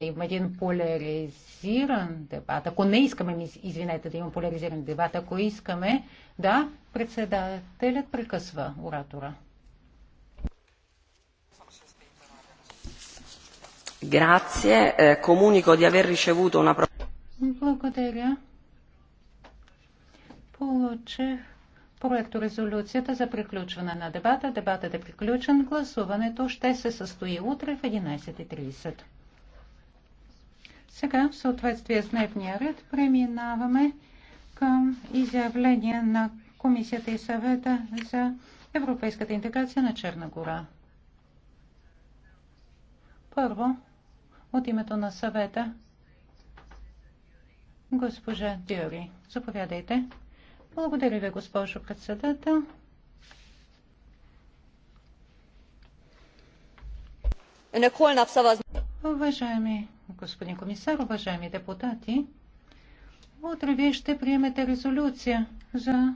има един поляризиран дебат, ако не искаме, извинете, да има поляризиран дебат, ако искаме, да, председателят прекъсва оратора. Grazie, comunico di aver ricevuto una Благодаря. Получих проекто резолюцията за приключване на дебата. Дебатът е приключен. Гласуването ще се състои утре в 11.30. Сега, в съответствие с дневния ред, преминаваме към изявление на Комисията и съвета за европейската интеграция на Черна гора. Първо, от името на съвета, госпожа Дюри. Заповядайте. Благодаря ви, госпожо председател. Уважаеми господин комисар, уважаеми депутати, утре вие ще приемете резолюция за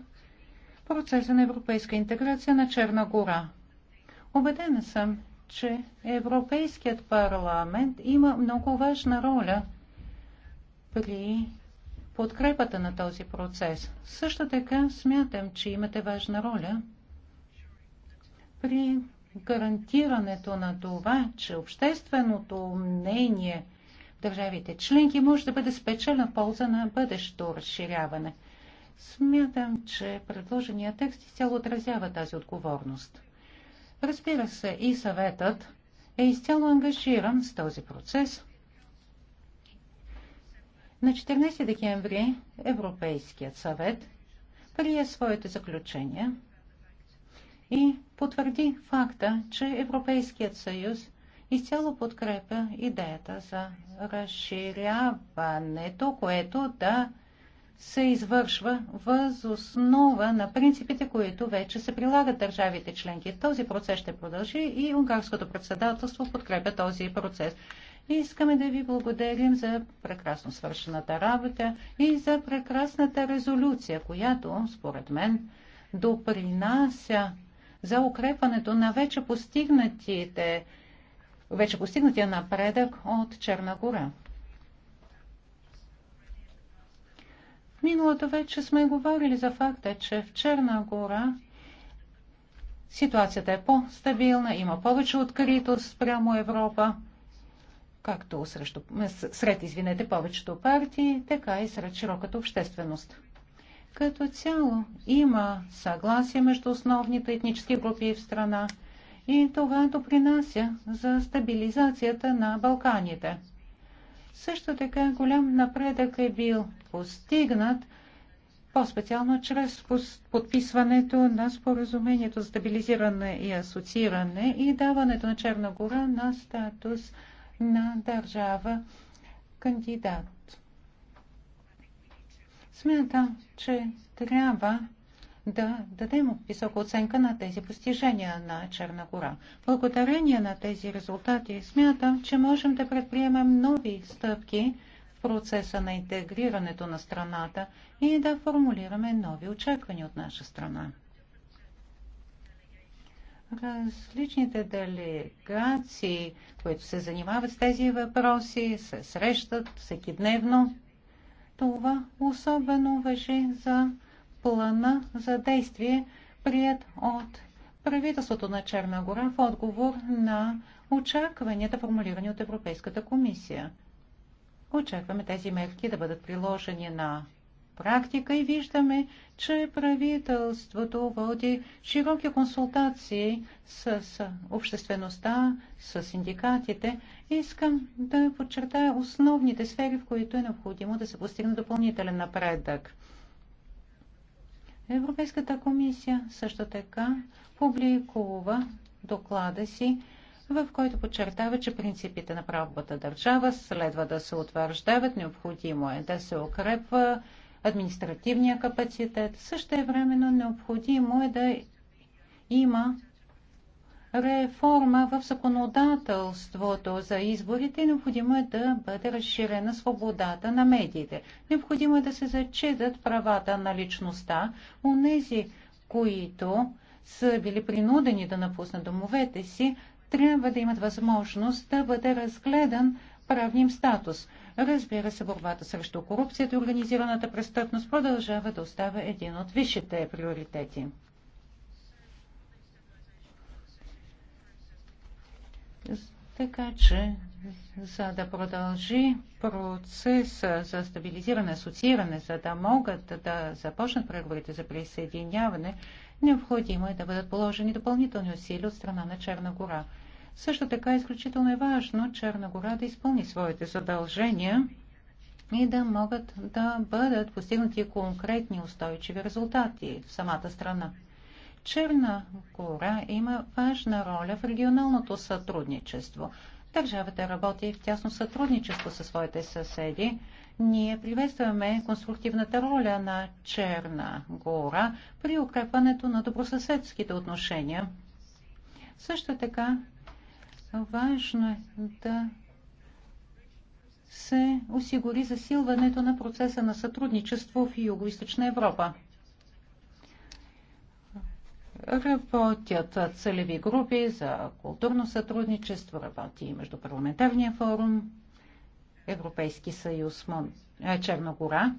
процеса на европейска интеграция на Черна гора. Обедена съм, че Европейският парламент има много важна роля при подкрепата на този процес. Също така смятам, че имате важна роля при гарантирането на това, че общественото мнение в държавите членки може да бъде спечелено в полза на бъдещо разширяване. Смятам, че предложения текст изцяло отразява тази отговорност. Разбира се, и съветът е изцяло ангажиран с този процес. На 14 декември Европейският съвет прие своите заключения – и потвърди факта, че Европейският съюз изцяло подкрепя идеята за разширяването, което да се извършва въз основа на принципите, които вече се прилагат държавите членки. Този процес ще продължи и унгарското председателство подкрепя този процес. Искаме да ви благодарим за прекрасно свършената работа и за прекрасната резолюция, която, според мен, допринася за укрепването на вече постигнатите вече постигнатия напредък от Черна гора. миналото вече сме говорили за факта, че в Черна гора ситуацията е по-стабилна, има повече откритост спрямо Европа, както срещу, сред извинете, повечето партии, така и сред широката общественост. Като цяло има съгласие между основните етнически групи в страна и това допринася за стабилизацията на Балканите. Също така голям напредък е бил постигнат по-специално чрез подписването на споразумението за стабилизиране и асоцииране и даването на Черна гора на статус на държава кандидат Смятам, че трябва да дадем висока оценка на тези постижения на Черна гора. Благодарение на тези резултати смятам, че можем да предприемем нови стъпки в процеса на интегрирането на страната и да формулираме нови очаквания от наша страна. Различните делегации, които се занимават с тези въпроси, се срещат всеки дневно. Това особено въжи за плана за действие, прият от правителството на Черна гора в отговор на очакванията, формулирани от Европейската комисия. Очакваме тези мерки да бъдат приложени на практика и виждаме, че правителството води широки консултации с обществеността, с синдикатите. Искам да подчертая основните сфери, в които е необходимо да се постигне допълнителен напредък. Европейската комисия също така публикува доклада си, в който подчертава, че принципите на правовата държава следва да се утвърждават, необходимо е да се укрепва административния капацитет. Също е времено необходимо е да има реформа в законодателството за изборите необходимо е да бъде разширена свободата на медиите. Необходимо е да се зачитат правата на личността у нези, които са били принудени да напуснат домовете си, трябва да имат възможност да бъде разгледан им статус. Разбира се, борбата срещу корупцията и организираната престъпност продължава да остава един от висшите приоритети. Така че, за да продължи процеса за стабилизиране, асоцииране, за да могат да започнат преговорите за присъединяване, необходимо е да бъдат положени допълнителни усилия от страна на Черна гора – също така е изключително е важно Черна гора да изпълни своите задължения и да могат да бъдат постигнати конкретни устойчиви резултати в самата страна. Черна гора има важна роля в регионалното сътрудничество. Държавата работи в тясно сътрудничество със своите съседи. Ние приветстваме конструктивната роля на Черна гора при укрепването на добросъседските отношения. Също така Важно е да се осигури засилването на процеса на сътрудничество в Юго-Источна Европа. Работят целеви групи за културно сътрудничество, работи и Междупарламентарния форум, Европейски съюз, Мон... Е, Черногора.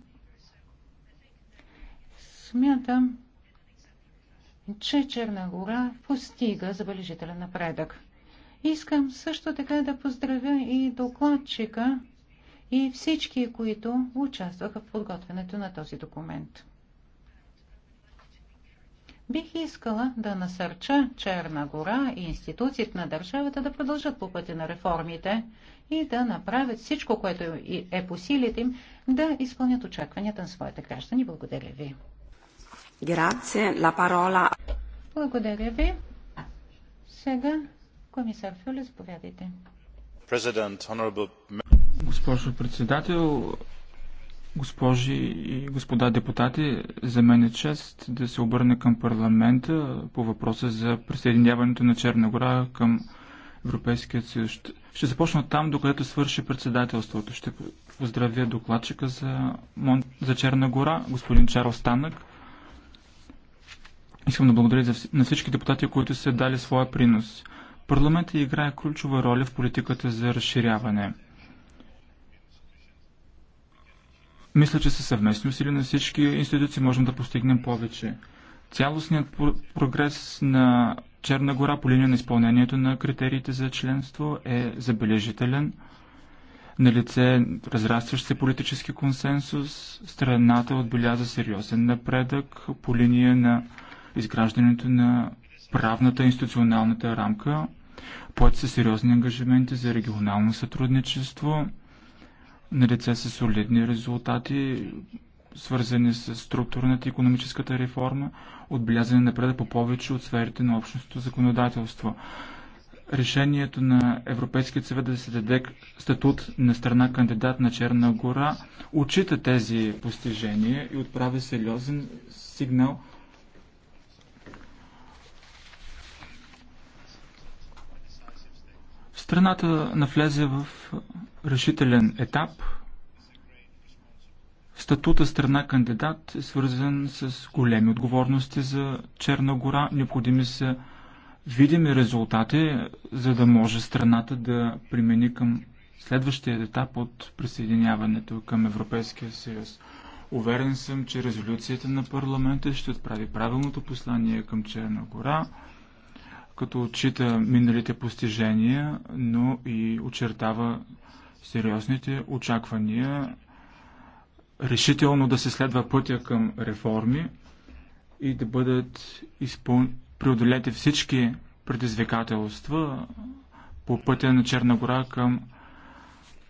Смятам, че Черна гора постига забележителен напредък. Искам също така да поздравя и докладчика и всички, които участваха в подготвянето на този документ. Бих искала да насърча Черна гора и институциите на държавата да продължат по пътя на реформите и да направят всичко, което е по силите им, да изпълнят очакванията на своите граждани. Благодаря ви. Благодаря ви. Сега Комисар Фюле, заповядайте. Госпожо председател, госпожи и господа депутати, за мен е чест да се обърна към парламента по въпроса за присъединяването на Черна гора към Европейският съюз. Ще започна там, докъдето свърши председателството. Ще поздравя докладчика за, Мон... за Черна гора, господин Чарл Станък. Искам да благодаря на всички депутати, които са дали своя принос. Парламентът играе ключова роля в политиката за разширяване. Мисля, че със съвместни усилия на всички институции можем да постигнем повече. Цялостният прогрес на Черна гора по линия на изпълнението на критериите за членство е забележителен. На лице е разрастващ се политически консенсус, страната отбеляза сериозен напредък по линия на изграждането на правната институционалната рамка. Поет са сериозни ангажименти за регионално сътрудничество, на лице са солидни резултати, свързани с структурната и економическата реформа, отбелязани напред по повече от сферите на общностното законодателство. Решението на Европейския съвет да се даде статут на страна кандидат на Черна гора отчита тези постижения и отправя сериозен сигнал – Страната навлезе в решителен етап. Статута страна кандидат е свързан с големи отговорности за Черна гора. Необходими са видими резултати, за да може страната да примени към следващия етап от присъединяването към Европейския съюз. Уверен съм, че резолюцията на парламента ще отправи правилното послание към Черна гора като отчита миналите постижения, но и очертава сериозните очаквания, решително да се следва пътя към реформи и да бъдат изпъл... преодолети всички предизвикателства по пътя на Черна гора към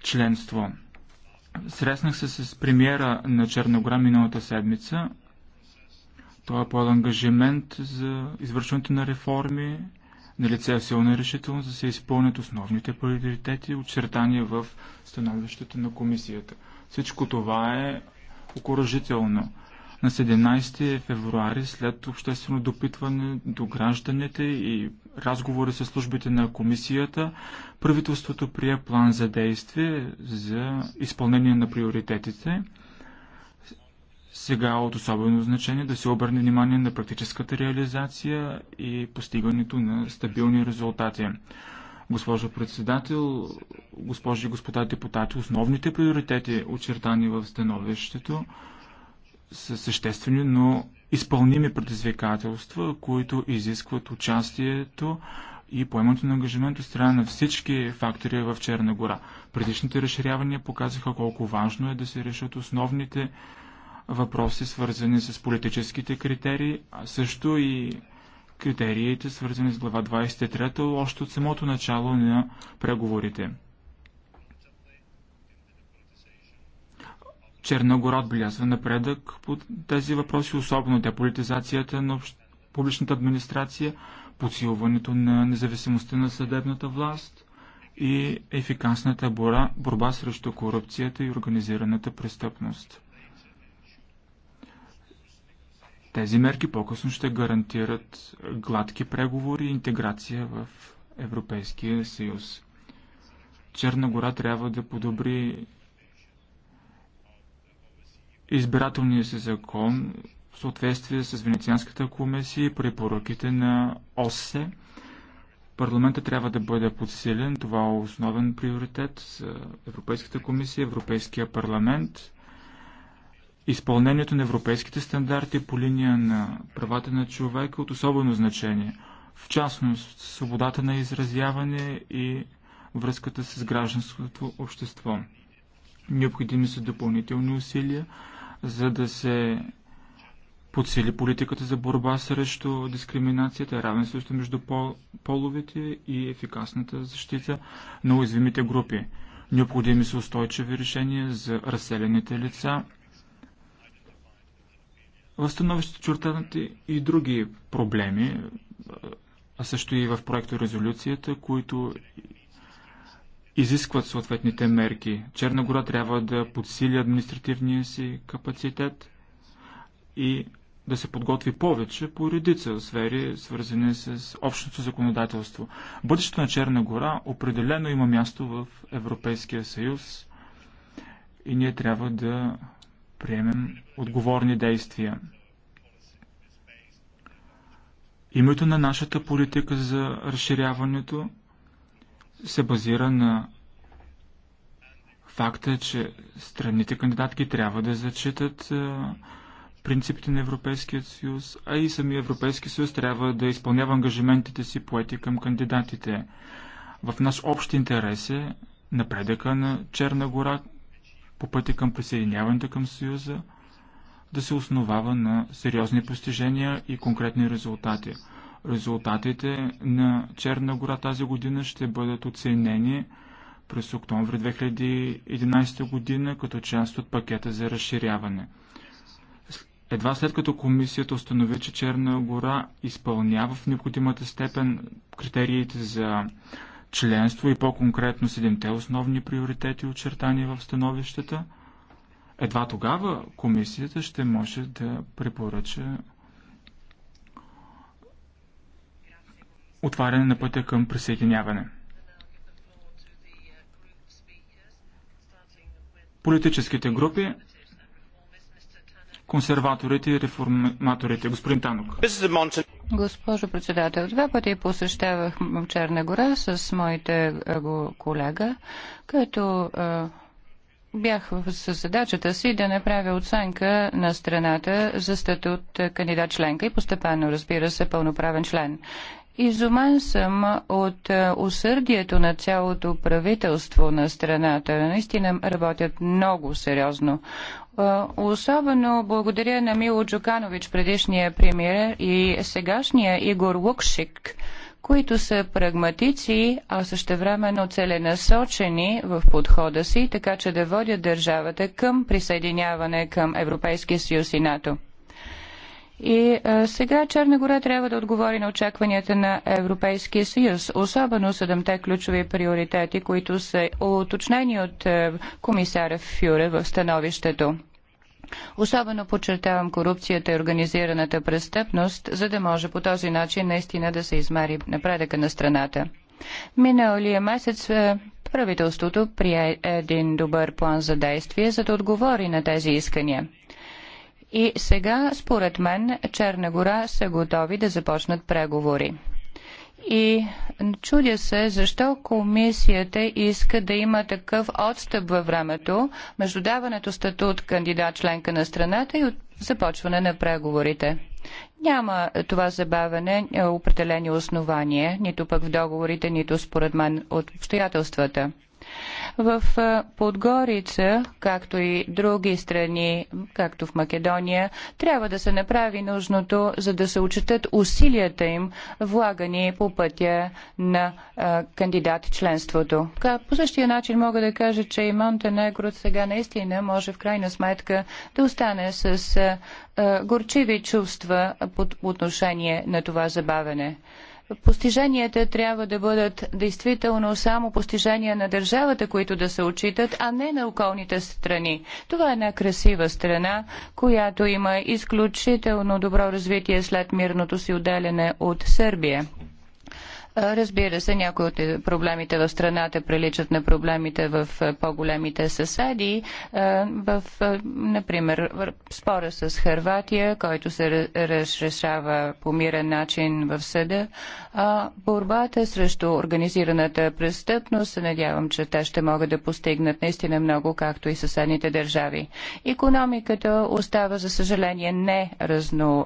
членство. Среснах се с премиера на Черногора миналата седмица. Той е по ангажимент за извършването на реформи, Налице е силна решителност да се изпълнят основните приоритети, очертания в становището на комисията. Всичко това е окоръжително. На 17 февруари, след обществено допитване до гражданите и разговори с службите на комисията, правителството прие план за действие за изпълнение на приоритетите. Сега от особено значение да се обърне внимание на практическата реализация и постигането на стабилни резултати. Госпожо председател, госпожи и господа депутати, основните приоритети, очертани в становището, са съществени, но изпълними предизвикателства, които изискват участието и поемането на ангажимент от страна на всички фактори в Черна гора. Предишните разширявания показаха колко важно е да се решат основните въпроси, свързани с политическите критерии, а също и критериите, свързани с глава 23, още от самото начало на преговорите. Черногора отбелязва напредък по тези въпроси, особено деполитизацията на общ... публичната администрация, подсилването на независимостта на съдебната власт и ефикасната борба, борба срещу корупцията и организираната престъпност. Тези мерки по-късно ще гарантират гладки преговори и интеграция в Европейския съюз. Черна гора трябва да подобри избирателния си закон в съответствие с Венецианската комисия и препоръките на ОССЕ. Парламентът трябва да бъде подсилен. Това е основен приоритет за Европейската комисия, Европейския парламент. Изпълнението на европейските стандарти по линия на правата на човека е от особено значение, в частност свободата на изразяване и връзката с гражданското общество. Необходими са допълнителни усилия, за да се подсили политиката за борба срещу дискриминацията, равенството между пол, половете и ефикасната защита на уязвимите групи. Необходими са устойчиви решения за разселените лица в становището чертанати и други проблеми, а също и в проекто резолюцията, които изискват съответните мерки. Черна гора трябва да подсили административния си капацитет и да се подготви повече по редица сфери, свързани с общото законодателство. Бъдещето на Черна гора определено има място в Европейския съюз и ние трябва да приемем отговорни действия. Името на нашата политика за разширяването се базира на факта, че страните кандидатки трябва да зачитат принципите на Европейския съюз, а и самия Европейски съюз трябва да изпълнява ангажиментите си поети към кандидатите. В наш общ интерес е напредъка на Черна гора по пътя към присъединяването към Съюза да се основава на сериозни постижения и конкретни резултати. Резултатите на Черна гора тази година ще бъдат оценени през октомври 2011 година като част от пакета за разширяване. Едва след като комисията установи, че Черна гора изпълнява в необходимата степен критериите за членство и по-конкретно седемте основни приоритети, очертани в становищата, едва тогава комисията ще може да препоръча отваряне на пътя към присъединяване. Политическите групи консерваторите и реформаторите. Господин Танок. Госпожо председател, два пъти посещавах Черна гора с моите е, колега, като е, Бях с задачата си да направя оценка на страната за статут е, кандидат членка и постепенно, разбира се, пълноправен член. Изумен съм от усърдието на цялото правителство на страната. Наистина работят много сериозно. Е, особено благодаря на Мило Джуканович, предишния премьер и сегашния Игор Лукшик, които са прагматици, а също времено целенасочени в подхода си, така че да водят държавата към присъединяване към Европейския съюз и НАТО. И а, сега Черна гора трябва да отговори на очакванията на Европейския съюз, особено седемте ключови приоритети, които са уточнени от а, комисара Фюре в становището. Особено подчертавам корупцията и организираната престъпност, за да може по този начин наистина да се измери напредъка на страната. Миналия месец правителството прие един добър план за действие, за да отговори на тези искания. И сега, според мен, Черна гора са готови да започнат преговори. И чудя се защо комисията иска да има такъв отстъп във времето между даването статут кандидат членка на страната и от започване на преговорите. Няма това забавене е, определени основания, нито пък в договорите, нито според мен от обстоятелствата. В Подгорица, както и други страни, както в Македония, трябва да се направи нужното, за да се учетат усилията им, влагани по пътя на кандидат членството. По същия начин мога да кажа, че и Монтенегро сега наистина може в крайна сметка да остане с горчиви чувства по отношение на това забавене постиженията трябва да бъдат действително само постижения на държавата, които да се отчитат, а не на околните страни. Това е една красива страна, която има изключително добро развитие след мирното си отделяне от Сърбия. Разбира се, някои от проблемите в страната приличат на проблемите в по-големите съседи. В, например, спора с Харватия, който се разрешава по мирен начин в съда, а борбата срещу организираната престъпност, надявам, че те ще могат да постигнат наистина много, както и съседните държави. Економиката остава, за съжаление, не разно,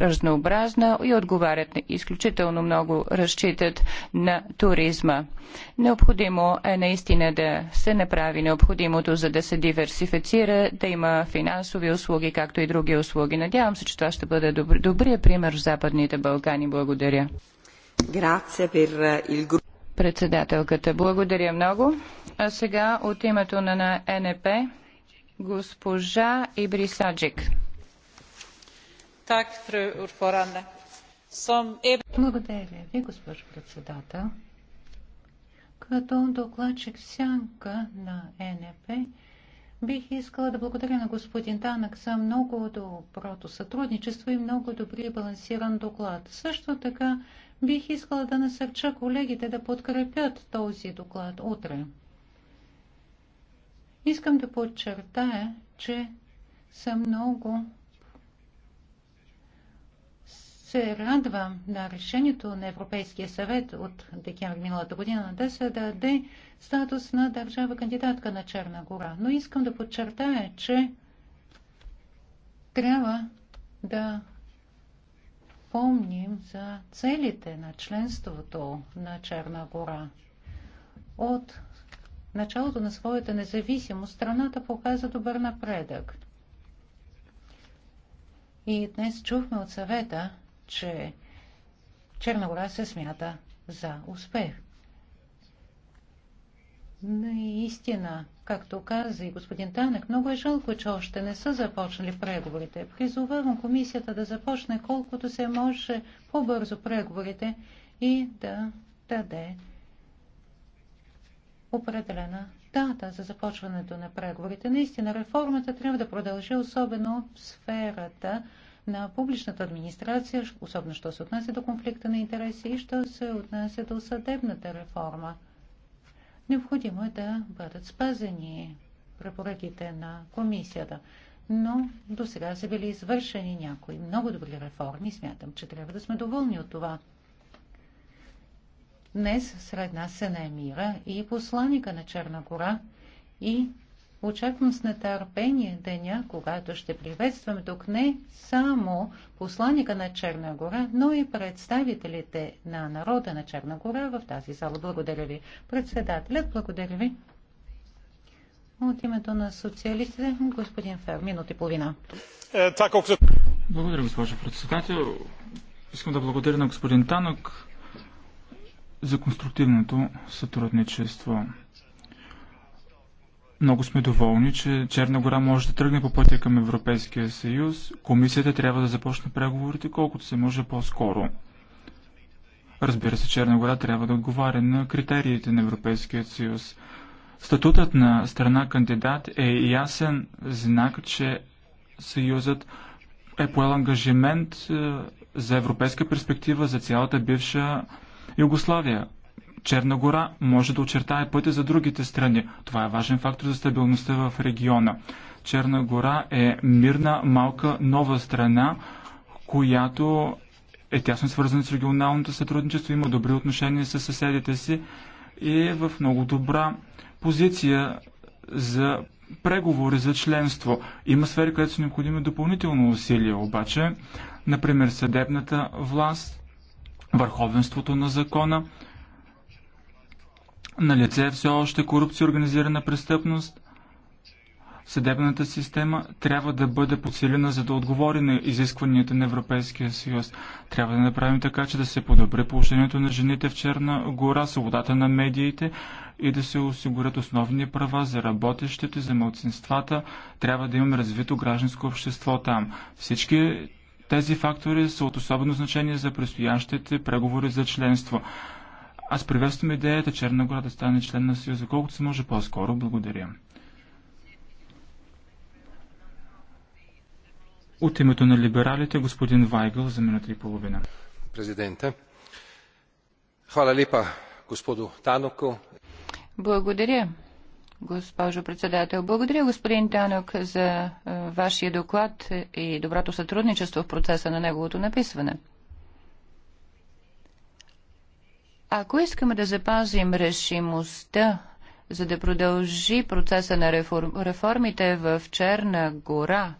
разнообразна и отговарят изключително много разчитания разчитат на туризма. Необходимо е наистина да се направи необходимото, за да се диверсифицира, да има финансови услуги, както и други услуги. Надявам се, че това ще бъде добри, добрия пример в Западните Балкани. Благодаря. Э, Председателката, благодаря много. А сега от името на НП госпожа Ибрисаджик. Так, фру E- благодаря ви, госпожо председател. Като докладчик сянка на НФ, бих искала да благодаря на господин Танък за много доброто сътрудничество и много добри и балансиран доклад. Също така бих искала да насърча колегите да подкрепят този доклад утре. Искам да подчертая, че съм много се радвам на решението на Европейския съвет от декември миналата година да се даде статус на държава кандидатка на Черна гора. Но искам да подчертая, че трябва да помним за целите на членството на Черна гора. От началото на своята независимост страната показа добър напредък. И днес чухме от съвета, че Черна гора се смята за успех. Наистина, както каза и господин Танък, много е жалко, че още не са започнали преговорите. Призовавам комисията да започне колкото се може по-бързо преговорите и да даде определена дата за започването на преговорите. Наистина, реформата трябва да продължи, особено в сферата на публичната администрация, особено що се отнася до конфликта на интереси и що се отнася до съдебната реформа. Необходимо е да бъдат спазени препоръките на комисията. Но до сега са били извършени някои много добри реформи. Смятам, че трябва да сме доволни от това. Днес сред нас се намира и посланика на Черна гора и Очаквам с нетърпение деня, когато ще приветствам тук не само посланика на Черна гора, но и представителите на народа на Черна гора в тази зала. Благодаря ви. Председателят, благодаря ви. От името на социалистите, господин Фер, минута и половина. Е, благодаря, госпожо председател. Искам да благодаря на господин Танок за конструктивното сътрудничество. Много сме доволни, че Черна гора може да тръгне по пътя към Европейския съюз. Комисията трябва да започне преговорите колкото се може по-скоро. Разбира се, Черна гора трябва да отговаря на критериите на Европейския съюз. Статутът на страна кандидат е ясен знак, че съюзът е поел ангажимент е, за европейска перспектива за цялата бивша Югославия, Черна гора може да очертае пътя за другите страни. Това е важен фактор за стабилността в региона. Черна гора е мирна, малка, нова страна, която е тясно свързана с регионалното сътрудничество, има добри отношения с съседите си и е в много добра позиция за преговори за членство. Има сфери, където са необходими допълнително усилия, обаче, например съдебната власт, върховенството на закона, на лице е все още корупция и организирана престъпност. Съдебната система трябва да бъде подсилена, за да отговори на изискванията на Европейския съюз. Трябва да направим така, че да се подобри положението на жените в Черна гора, свободата на медиите и да се осигурят основни права за работещите, за младсинствата. Трябва да имаме развито гражданско общество там. Всички тези фактори са от особено значение за предстоящите преговори за членство. Аз приветствам идеята Черна гора да стане член на Съюза, колкото се може по-скоро. Благодаря. От името на либералите, господин Вайгъл, за минута и половина. Президента. хвала липа, господу Таноко. Благодаря, госпожо председател. Благодаря, господин Танок, за вашия доклад и доброто сътрудничество в процеса на неговото написване. Ако искаме да запазим решимостта, за да продължи процеса на реформ, реформите в Черна гора,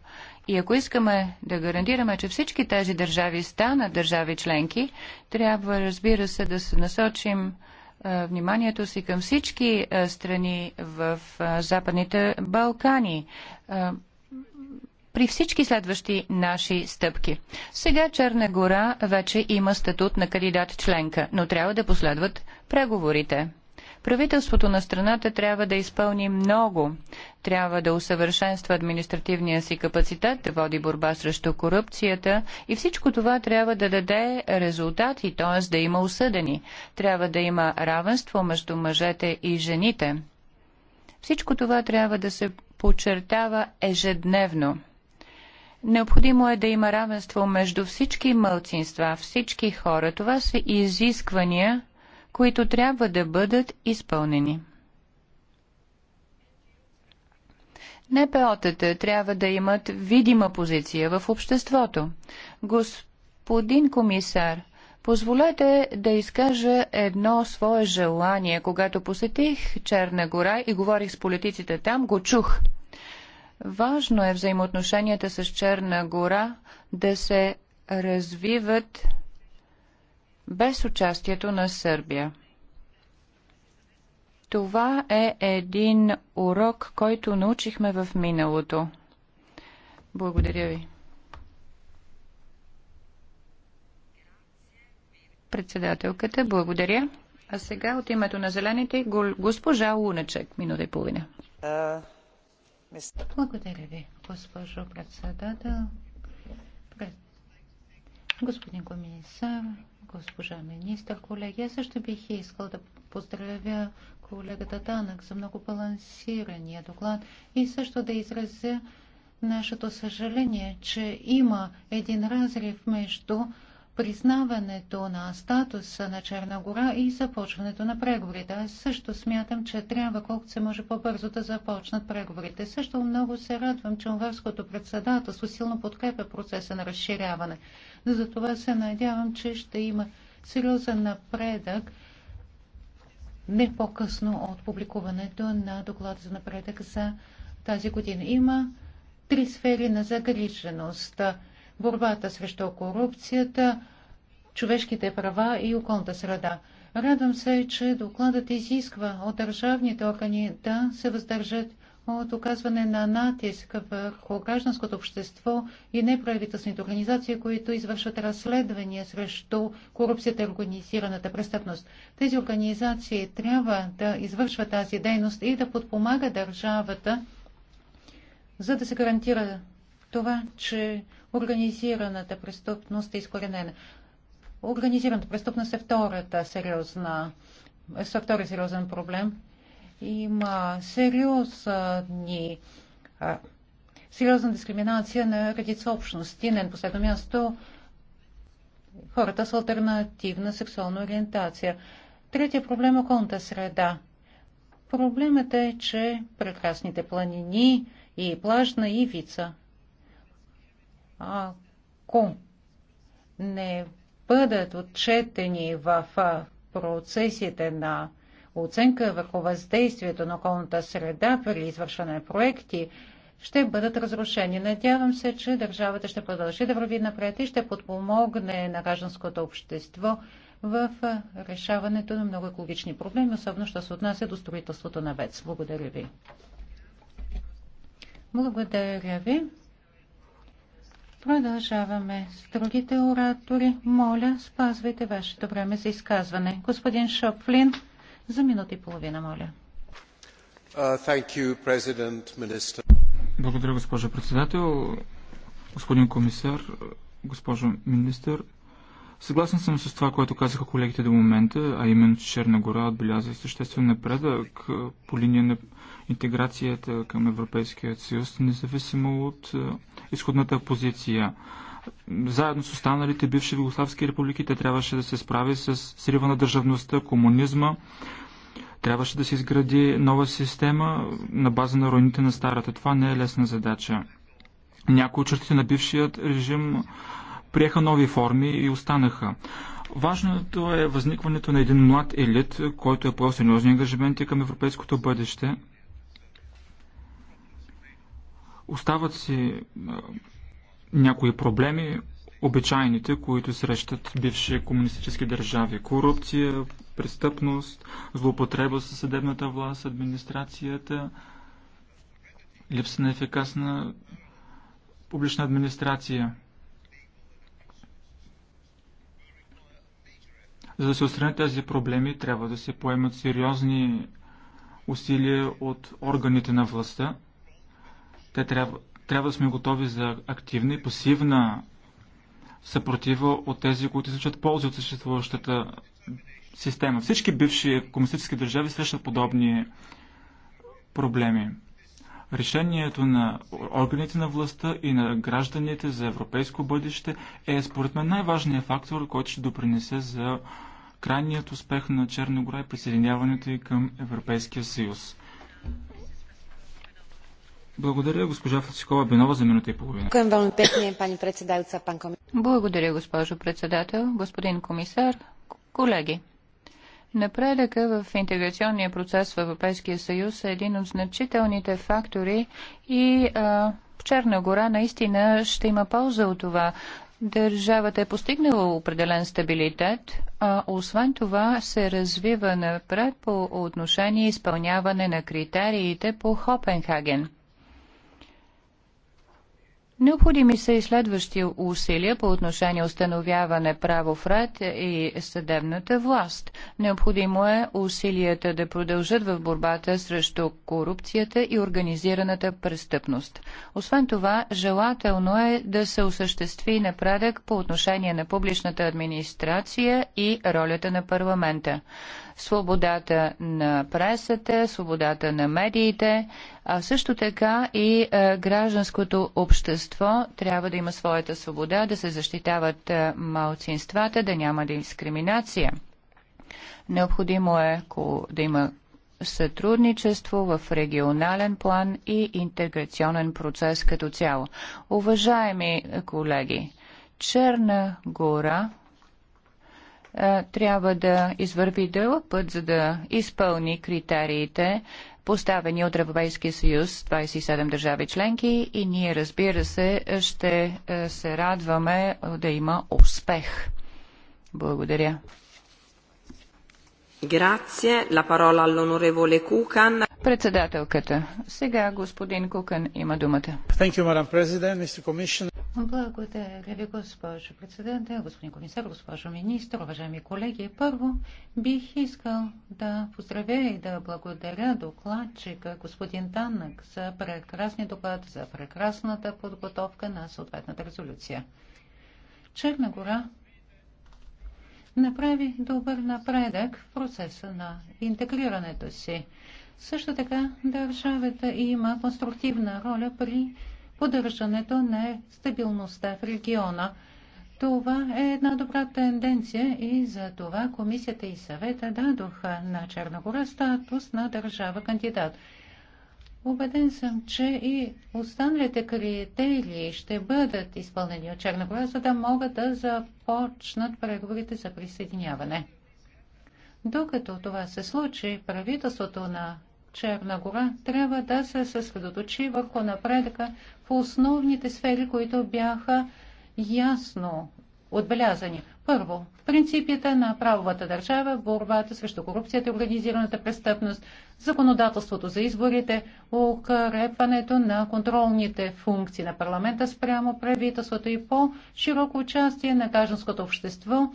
и ако искаме да гарантираме, че всички тези държави станат държави членки, трябва, разбира се, да се насочим вниманието си към всички страни в Западните Балкани при всички следващи наши стъпки. Сега Черна гора вече има статут на кандидат членка, но трябва да последват преговорите. Правителството на страната трябва да изпълни много. Трябва да усъвършенства административния си капацитет, да води борба срещу корупцията и всичко това трябва да даде резултати, т.е. да има осъдени. Трябва да има равенство между мъжете и жените. Всичко това трябва да се подчертава ежедневно. Необходимо е да има равенство между всички мълцинства, всички хора. Това са изисквания, които трябва да бъдат изпълнени. НПО-тата трябва да имат видима позиция в обществото. Господин комисар, позволете да изкажа едно свое желание. Когато посетих Черна гора и говорих с политиците там, го чух – Важно е взаимоотношенията с Черна гора да се развиват без участието на Сърбия. Това е един урок, който научихме в миналото. Благодаря ви. Председателката, благодаря. А сега от името на зелените госпожа Луначек, минута и половина. Е, благодаря ви, госпожо председател. Господин комисар, госпожа министър, колеги, аз също бих искал да поздравя колегата Танък за много балансирания доклад и също да изразя нашето съжаление, че има един разрив между признаването на статуса на Черна гора и започването на преговорите. Аз също смятам, че трябва колкото се може по-бързо да започнат преговорите. Също много се радвам, че унгарското председателство силно подкрепя процеса на разширяване. Затова се надявам, че ще има сериозен напредък не по-късно от публикуването на доклада за напредък за тази година. Има три сфери на загриженост – борбата срещу корупцията, човешките права и околната среда. Радвам се, че докладът изисква от държавните органи да се въздържат от оказване на натиск върху гражданското общество и неправителствените организации, които извършват разследвания срещу корупцията и организираната престъпност. Тези организации трябва да извършват тази дейност и да подпомагат държавата, за да се гарантира това, че организираната престъпност е изкоренена. Организираната престъпност е втората сериозна, е втори сериозен проблем. Има сериозни сериозна дискриминация на редица общности. Не на последно място хората с альтернативна сексуална ориентация. Третия проблем е околната среда. Проблемът е, че прекрасните планини и плажна ивица ако не бъдат отчетени в процесите на оценка върху въздействието на околната среда при извършване на проекти, ще бъдат разрушени. Надявам се, че държавата ще продължи да върви напред и ще подпомогне на гражданското общество в решаването на много екологични проблеми, особено що се отнася до строителството на ВЕЦ. Благодаря ви. Благодаря ви. Продължаваме с другите оратори. Моля, спазвайте вашето време за изказване. Господин Шопфлин, за минута и половина, моля. Uh, Благодаря, госпожа председател, господин комисар, госпожо министър. Съгласен съм с това, което казаха колегите до момента, а именно, че Черна гора отбеляза съществен напредък по линия на интеграцията към Европейския съюз, независимо от изходната позиция. Заедно с останалите бивши югославски републики, те трябваше да се справи с срива на държавността, комунизма, трябваше да се изгради нова система на база на руините на старата. Това не е лесна задача. Някои от чертите на бившият режим приеха нови форми и останаха. Важното е възникването на един млад елит, който е по сериозни ангажименти към европейското бъдеще. Остават си някои проблеми, обичайните, които срещат бивши комунистически държави. Корупция, престъпност, злоупотреба със съдебната власт, администрацията, липса на ефикасна публична администрация – За да се устранят тези проблеми, трябва да се поемат сериозни усилия от органите на властта. Те трябва, трябва да сме готови за активна и пасивна съпротива от тези, които изучат ползи от съществуващата система. Всички бивши комунистически държави срещат подобни проблеми. Решението на органите на властта и на гражданите за европейско бъдеще е според мен най-важният фактор, който ще допринесе за крайният успех на Черна гора е присъединяването и към Европейския съюз. Благодаря, госпожа Фасикова Бенова, за минута и половина. Благодаря, госпожо председател, господин комисар, колеги. Напредъка в интеграционния процес в Европейския съюз е един от значителните фактори и а, Черна гора наистина ще има полза от това. Държавата е постигнала определен стабилитет, а освен това се развива напред по отношение изпълняване на критериите по Хопенхаген. Необходими са и следващи усилия по отношение установяване право в ред и съдебната власт. Необходимо е усилията да продължат в борбата срещу корупцията и организираната престъпност. Освен това, желателно е да се осъществи напредък по отношение на публичната администрация и ролята на парламента свободата на пресата, свободата на медиите, а също така и е, гражданското общество трябва да има своята свобода, да се защитават е, малцинствата, да няма дискриминация. Необходимо е да има сътрудничество в регионален план и интеграционен процес като цяло. Уважаеми колеги, Черна гора е, трябва да извърви дълъг път, за да изпълни критериите, поставени от Европейския съюз, 27 държави членки и ние, разбира се, ще е, се радваме да има успех. Благодаря. La parola all'onorevole Председателката. Сега господин Кукън има думата. Благодаря ви, госпожо председател, господин комисар, госпожо министр, уважаеми колеги. Първо бих искал да поздравя и да благодаря докладчика господин Танък за прекрасния доклад, за прекрасната подготовка на съответната резолюция. Черна гора направи добър напредък в процеса на интегрирането си. Също така държавата има конструктивна роля при поддържането на стабилността в региона. Това е една добра тенденция и за това комисията и съвета дадоха на Черногора статус на държава кандидат. Обеден съм, че и останалите критерии ще бъдат изпълнени от Черногора, за да могат да започнат преговорите за присъединяване. Докато това се случи, правителството на Черна гора трябва да се съсредоточи върху напредъка в основните сфери, които бяха ясно отбелязани. Първо, принципите на правовата държава, борбата срещу корупцията и организираната престъпност, законодателството за изборите, укрепването на контролните функции на парламента спрямо правителството и по-широко участие на гражданското общество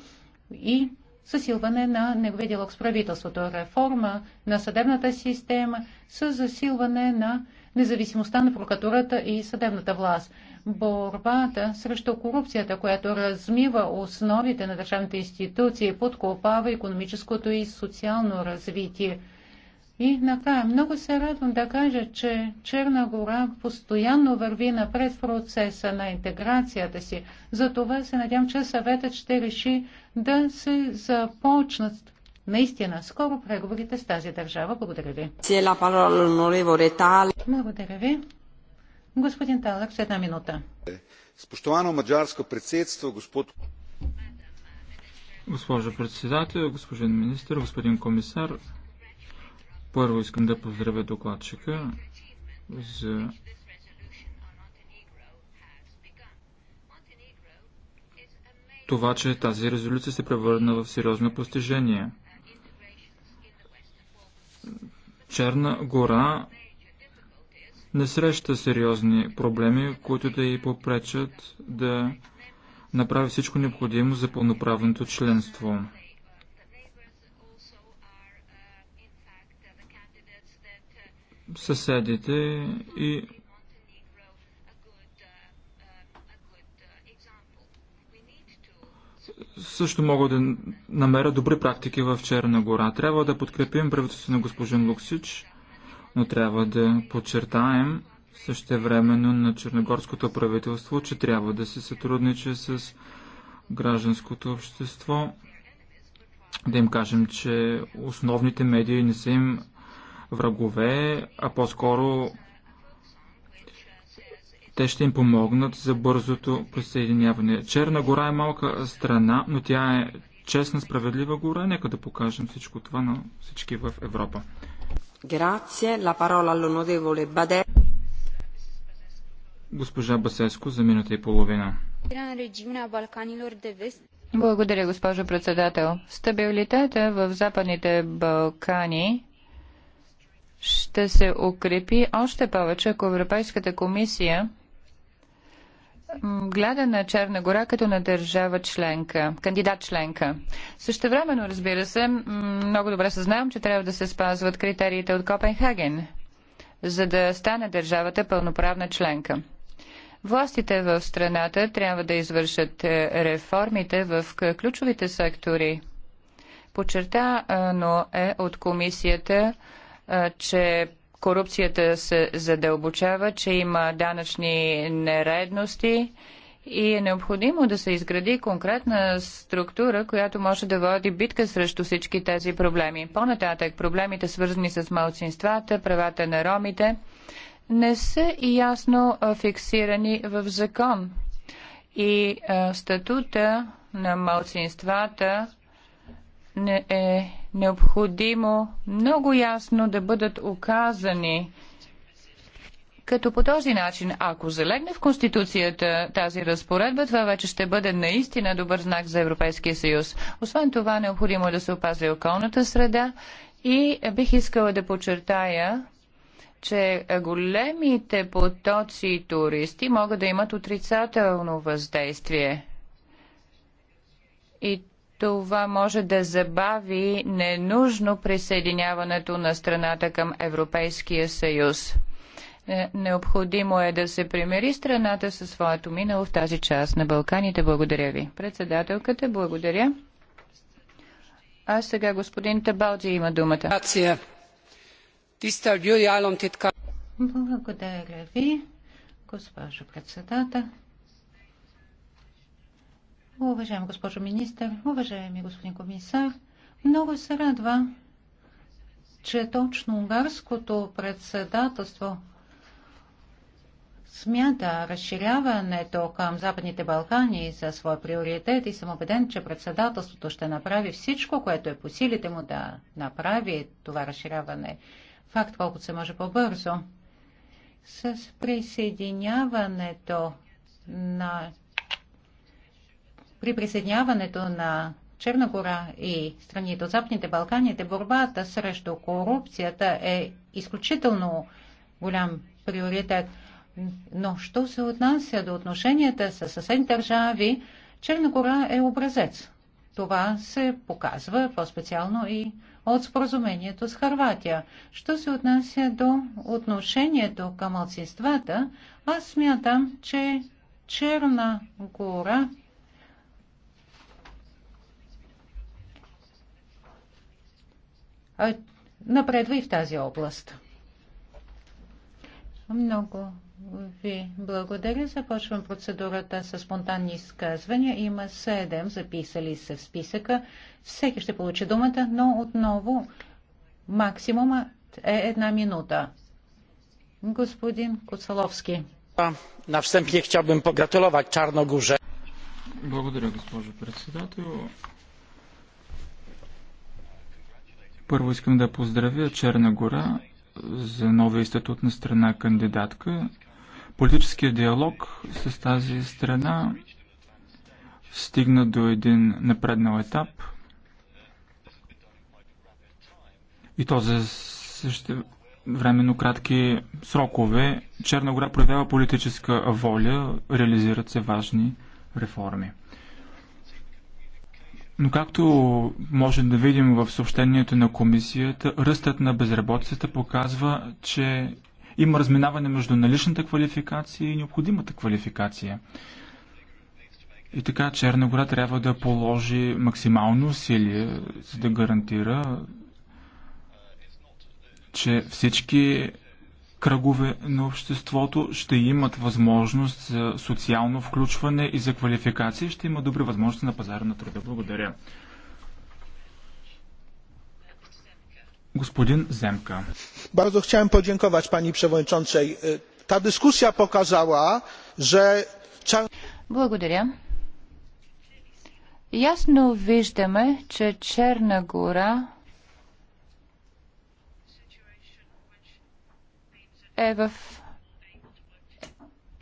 и засилване на неговия диалог с правителството, реформа на съдебната система, с засилване на независимостта на прокуратурата и съдебната власт. Борбата срещу корупцията, която размива основите на държавните институции, подкопава економическото и социално развитие – и накрая много се радвам да кажа, че Черна гора постоянно върви напред в процеса на интеграцията си. Затова се надявам, че съветът ще реши да се започнат наистина скоро преговорите с тази държава. Благодаря ви. Е Благодаря ви. Господин Талък, с една минута. Спощовано маджарско председство, господ... Госпожо председател, господин министр, господин комисар, първо искам да поздравя докладчика за това, че тази резолюция се превърна в сериозно постижение. Черна гора не среща сериозни проблеми, които да й попречат да направи всичко необходимо за пълноправното членство. съседите и също могат да намерят добри практики в Черна гора. Трябва да подкрепим правителството на господин Луксич, но трябва да подчертаем също времено на черногорското правителство, че трябва да се сътрудничи с гражданското общество, да им кажем, че основните медии не са им врагове, а по-скоро те ще им помогнат за бързото присъединяване. Черна гора е малка страна, но тя е честна, справедлива гора. Нека да покажем всичко това на всички в Европа. Госпожа Басеско за минута и половина. Благодаря, госпожо председател. Стабилитета в Западните Балкани ще се укрепи още повече, ако Европейската комисия гледа на Черна гора като на държава членка, кандидат членка. Също времено, разбира се, много добре съзнавам, че трябва да се спазват критериите от Копенхаген, за да стане държавата пълноправна членка. Властите в страната трябва да извършат е, реформите в ключовите сектори. Почертано е от комисията че корупцията се задълбочава, че има данъчни нередности и е необходимо да се изгради конкретна структура, която може да води битка срещу всички тези проблеми. По-нататък проблемите, свързани с малцинствата, правата на ромите, не са ясно фиксирани в закон. И а, статута на малцинствата не е необходимо много ясно да бъдат оказани като по този начин, ако залегне в Конституцията тази разпоредба, това вече ще бъде наистина добър знак за Европейския съюз. Освен това, необходимо е да се опази околната среда и бих искала да подчертая, че големите потоци туристи могат да имат отрицателно въздействие. И това може да забави ненужно присъединяването на страната към Европейския съюз. Е, необходимо е да се примери страната със своето минало в тази част на Балканите. Благодаря ви. Председателката, благодаря. А сега господин Табалджи има думата. Благодаря ви, госпожо председател. Уважаема госпожо министър, уважаеми господин комисар, много се радва, че точно унгарското председателство смята разширяването към Западните Балкани за своя приоритет и съм убеден, че председателството ще направи всичко, което е по силите му да направи това разширяване факт колкото се може по-бързо. С присъединяването на при присъединяването на Черна гора и страните от Западните Балканите борбата срещу корупцията е изключително голям приоритет. Но що се отнася до отношенията с съседни държави, Черна гора е образец. Това се показва по-специално и от споразумението с Харватия. Що се отнася до отношението към младсинствата, аз смятам, че Черна гора напредва и в тази област. Много ви благодаря. Започвам процедурата с спонтанни изказвания. Има седем записали се в списъка. Всеки ще получи думата, но отново максимума е една минута. Господин Коцаловски. На wstępie chciałbym погратуловать Чарногуже. Благодаря, госпожо председател. Първо искам да поздравя Черна гора за новия статут на страна кандидатка. Политическият диалог с тази страна стигна до един напреднал етап и то за също временно кратки срокове. Черна гора проявява политическа воля, реализират се важни реформи. Но както можем да видим в съобщението на комисията, ръстът на безработицата показва, че има разминаване между наличната квалификация и необходимата квалификация. И така Черна гора трябва да положи максимално усилие, за да гарантира, че всички кръгове на обществото ще имат възможност за социално включване и за квалификация, ще има добри възможности на пазара на труда. Благодаря. Господин Земка. Bardzo chciałem podziękować pani przewodniczącej. Ta dyskusja pokazała, że Благодаря. Ясно виждаме, че Черна гора е в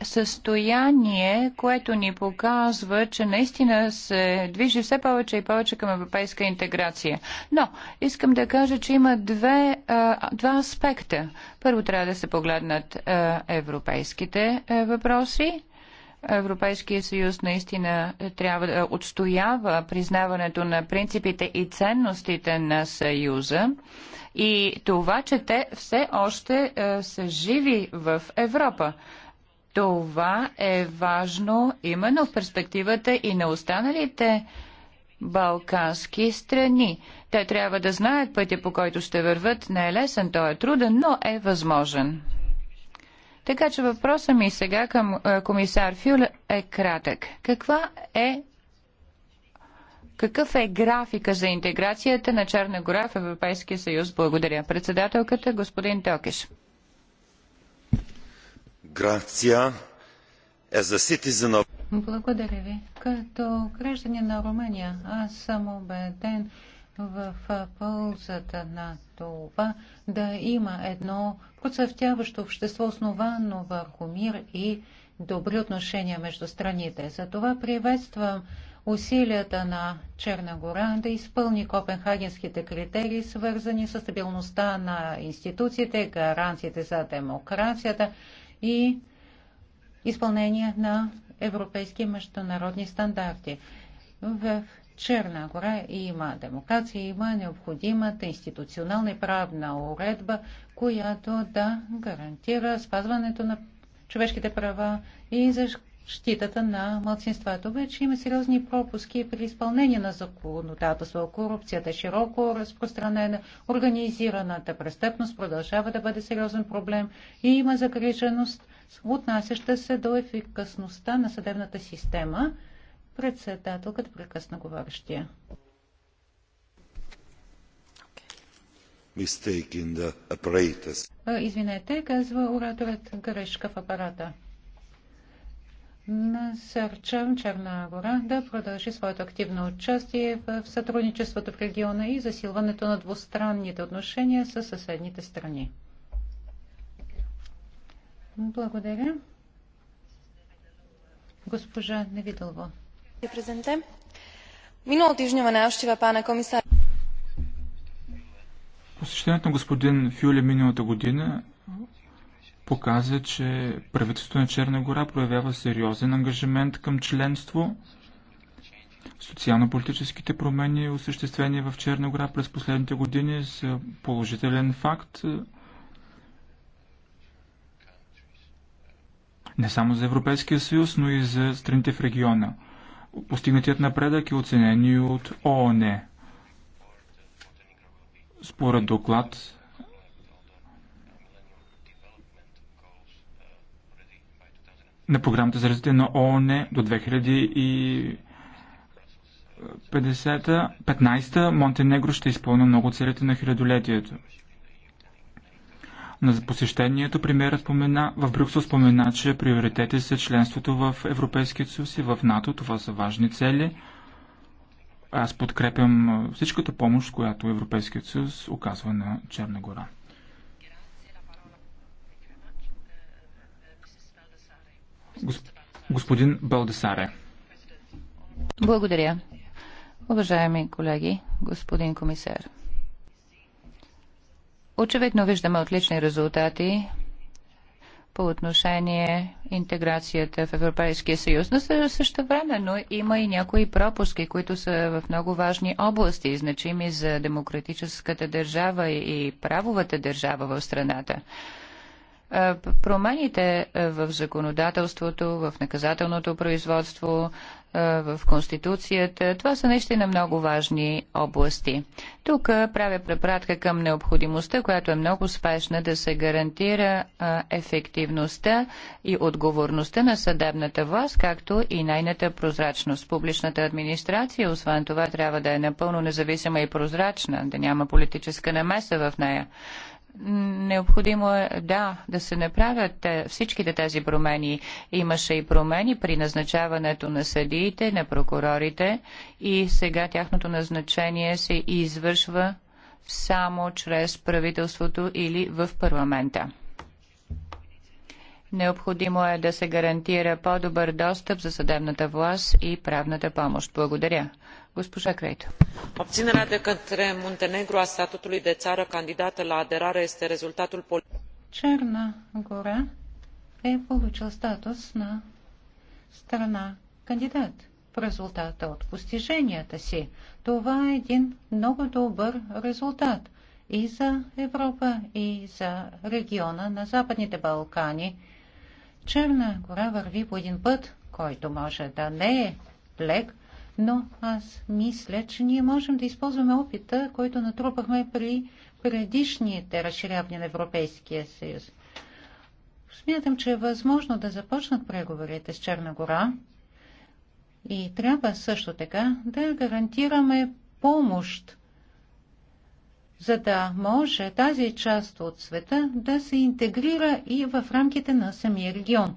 състояние, което ни показва, че наистина се движи все повече и повече към европейска интеграция. Но искам да кажа, че има две, два аспекта. Първо трябва да се погледнат европейските въпроси. Европейския съюз наистина трябва да отстоява признаването на принципите и ценностите на съюза и това, че те все още е, са живи в Европа. Това е важно именно в перспективата и на останалите балкански страни. Те трябва да знаят пътя, по който ще върват. Не е лесен, той е труден, но е възможен. Така че въпросът ми сега към е, комисар Фюл е кратък. Каква е какъв е графика за интеграцията на Черна гора в Европейския съюз? Благодаря. Председателката, господин Токиш. Грация е за citizen Благодаря ви. Като граждани на Румъния, аз съм убеден, в ползата на това да има едно процъфтяващо общество, основано върху мир и добри отношения между страните. За това приветствам усилията на Черна гора да изпълни копенхагенските критерии, свързани с стабилността на институциите, гаранциите за демокрацията и изпълнение на европейски международни стандарти. В Черна гора има демокрация, има необходимата институционална и правна уредба, която да гарантира спазването на човешките права и щитата на младсинствата. Вече има сериозни пропуски при изпълнение на законодателство. Корупцията е широко разпространена, организираната престъпност продължава да бъде сериозен проблем и има загриженост, отнасяща се до ефикасността на съдебната система. Председателката прекъсна говорещия. Извинете, казва ораторът грешка в апарата насърчам Черна гора да продължи своето активно участие в сътрудничеството в региона и засилването на двустранните отношения с съседните страни. Благодаря. Госпожа Невидълво. Минало Невидълва. Миналотижнева návšteva пана комисар. Посещението на господин Фюли миналата година показа, че правителството на Черна гора проявява сериозен ангажимент към членство. Социално-политическите промени, осъществени в Черна гора през последните години, са положителен факт не само за Европейския съюз, но и за страните в региона. Постигнатият напредък е оценен и от ООН. Според доклад на програмата за развитие на ООН до 2015 Монтенегро ще изпълни много целите на хилядолетието. На посещението премьера спомена, в Брюксел спомена, че приоритети са членството в Европейския съюз и в НАТО. Това са важни цели. Аз подкрепям всичката помощ, която Европейският съюз оказва на Черна гора. Господин Балдесаре. Благодаря. Уважаеми колеги, господин комисар. Очевидно виждаме отлични резултати по отношение интеграцията в Европейския съюз, но също времено има и някои пропуски, които са в много важни области, значими за демократическата държава и правовата държава в страната. Е, промените е, в законодателството, в наказателното производство, е, в Конституцията. Това са наистина много важни области. Тук правя препратка към необходимостта, която е много спешна да се гарантира ефективността и отговорността на съдебната власт, както и нейната прозрачност. Публичната администрация, освен това, трябва да е напълно независима и прозрачна, да няма политическа намеса в нея. Необходимо е, да, да се направят е, всичките тези промени. Имаше и промени при назначаването на съдиите, на прокурорите и сега тяхното назначение се извършва само чрез правителството или в парламента. Необходимо е да се гарантира по-добър достъп за съдебната власт и правната помощ. Благодаря. Госпожа Крейто. de către Muntenegru a statutului de ară candidată la aderare este rezultatul Черна гора е статус на страна кандидат в резултата от постиженията си. Това е един много добър резултат и за Европа, и за региона на Западните Балкани. Черна гора върви по един път, който може да не е лек, но аз мисля, че ние можем да използваме опита, който натрупахме при предишните разширявания на Европейския съюз. Смятам, че е възможно да започнат преговорите с Черна гора и трябва също така да гарантираме помощ, за да може тази част от света да се интегрира и в рамките на самия регион.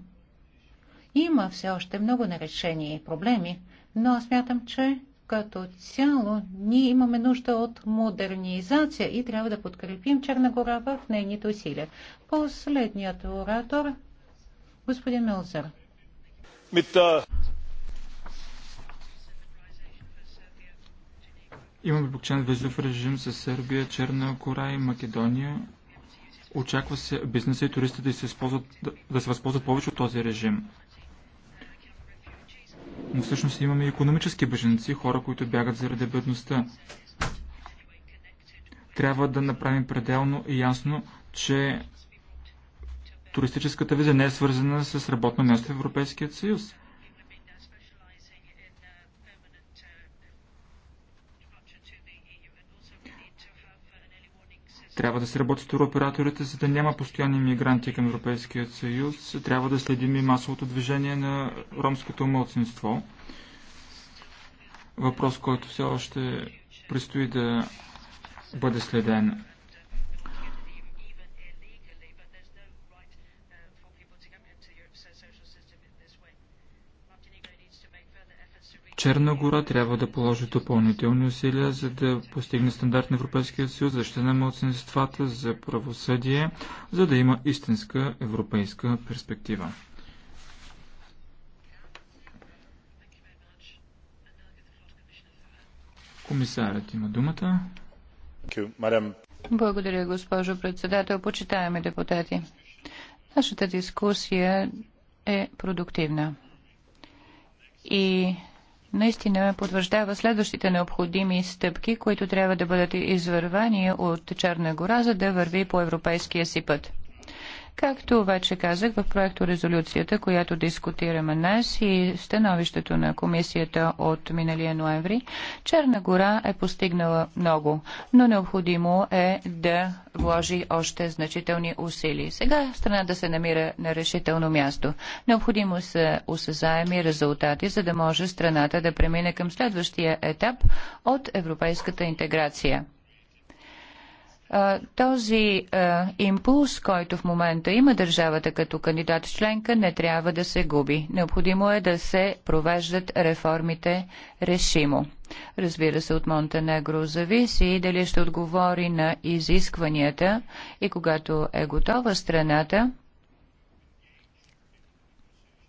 Има все още много нерешени проблеми, но смятам, че като цяло ние имаме нужда от модернизация и трябва да подкрепим Черна гора в нейните усилия. Последният оратор, господин Милзер. Имаме блокчейн визов режим с Сърбия, Черна гора и Македония. Очаква се бизнеса и туристите да се, да, да се възползват повече от този режим. Но всъщност имаме и економически беженци, хора, които бягат заради бедността. Трябва да направим пределно и ясно, че туристическата виза не е свързана с работно място в Европейския съюз. Трябва да се работи с туроператорите, за да няма постоянни мигранти към Европейския съюз. Трябва да следим и масовото движение на ромското младсинство. Въпрос, който все още предстои да бъде следен. Черна гора трябва да положи допълнителни усилия, за да постигне стандарт на Европейския съюз, защита на младсинствата, за правосъдие, за да има истинска европейска перспектива. Комисарят има думата. Благодаря, госпожо председател. Почитаеми депутати, нашата дискусия е продуктивна. И наистина потвърждава следващите необходими стъпки, които трябва да бъдат извървани от Черна гора, за да върви по европейския си път. Както вече казах в проекто резолюцията, която дискутираме днес и становището на комисията от миналия ноември, Черна гора е постигнала много, но необходимо е да вложи още значителни усилия. Сега страната се намира на решително място. Необходимо са осезаеми резултати, за да може страната да премине към следващия етап от европейската интеграция този импулс, който в момента има държавата като кандидат членка, не трябва да се губи. Необходимо е да се провеждат реформите решимо. Разбира се, от Монтенегро зависи дали ще отговори на изискванията и когато е готова страната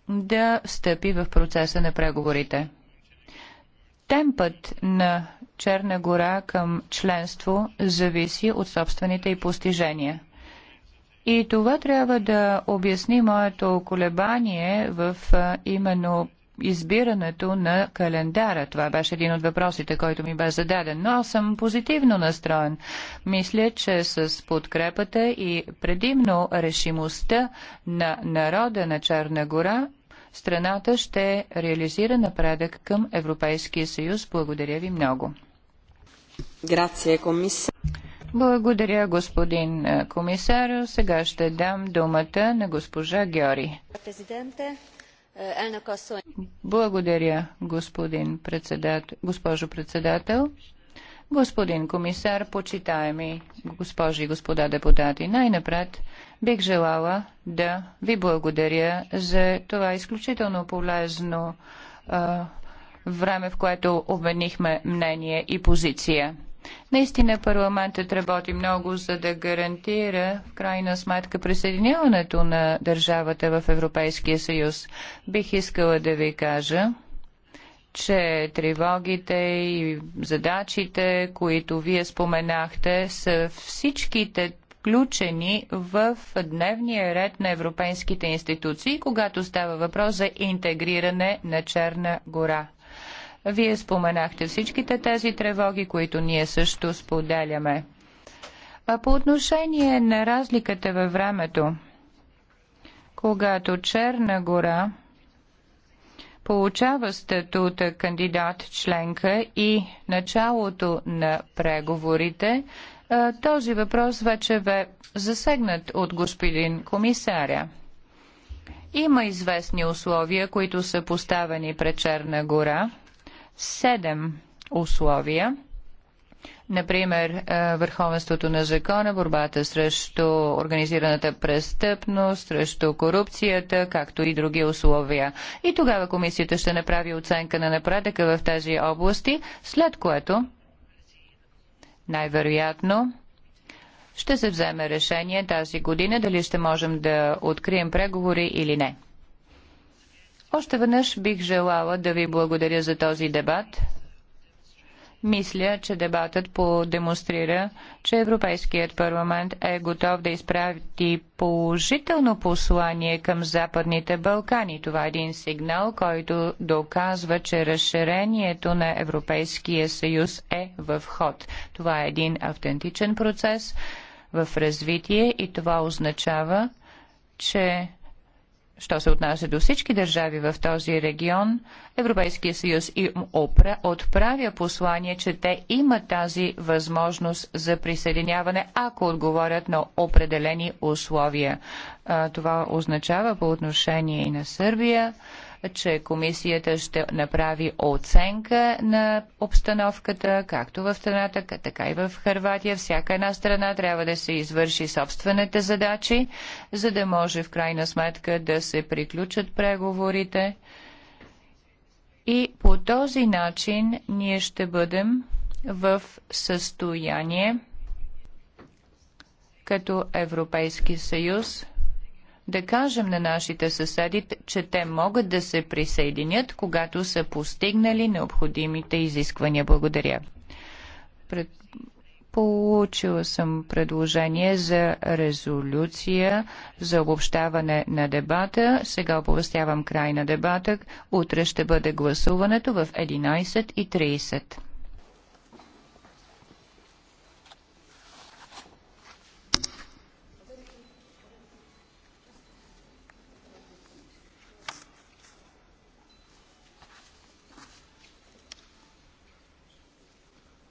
да встъпи в процеса на преговорите. Темпът на Черна гора към членство зависи от собствените и постижения. И това трябва да обясни моето колебание в именно избирането на календара. Това беше един от въпросите, който ми бе зададен. Но аз съм позитивно настроен. Мисля, че с подкрепата и предимно решимостта на народа на Черна гора страната ще реализира напредък към Европейския съюз. Благодаря ви много. Грация, комисар. Благодаря, господин е, комисар. Сега ще дам думата на госпожа Геори. Е, Благодаря, господин председател, госпожо председател. Господин комисар, почитаеми госпожи и господа депутати, най-напред Бих желала да ви благодаря за това изключително полезно а, време, в което обменихме мнение и позиция. Наистина парламентът работи много, за да гарантира в крайна сметка присъединяването на държавата в Европейския съюз. Бих искала да ви кажа, че тревогите и задачите, които вие споменахте, са всичките включени в дневния ред на европейските институции, когато става въпрос за интегриране на Черна гора. Вие споменахте всичките тези тревоги, които ние също споделяме. А по отношение на разликата във времето, когато Черна гора получава статута кандидат членка и началото на преговорите, е, този въпрос вече бе засегнат от господин комисаря. Има известни условия, които са поставени пред Черна гора. Седем условия. Например, е, върховенството на закона, борбата срещу организираната престъпност, срещу корупцията, както и други условия. И тогава комисията ще направи оценка на напредъка в тези области, след което най-вероятно ще се вземе решение тази година дали ще можем да открием преговори или не. Още веднъж бих желала да ви благодаря за този дебат мисля, че дебатът подемонстрира, че Европейският парламент е готов да изпрати положително послание към Западните Балкани. Това е един сигнал, който доказва, че разширението на Европейския съюз е в ход. Това е един автентичен процес в развитие и това означава, че що се отнася до всички държави в този регион, Европейския съюз ОПРА отправя послание, че те имат тази възможност за присъединяване, ако отговорят на определени условия. Това означава по отношение и на Сърбия, че комисията ще направи оценка на обстановката, както в страната, така и в Харватия. Всяка една страна трябва да се извърши собствените задачи, за да може в крайна сметка да се приключат преговорите. И по този начин ние ще бъдем в състояние като Европейски съюз да кажем на нашите съседи, че те могат да се присъединят, когато са постигнали необходимите изисквания. Благодаря. Пред... Получила съм предложение за резолюция за обобщаване на дебата. Сега оповестявам край на дебата. Утре ще бъде гласуването в 11.30.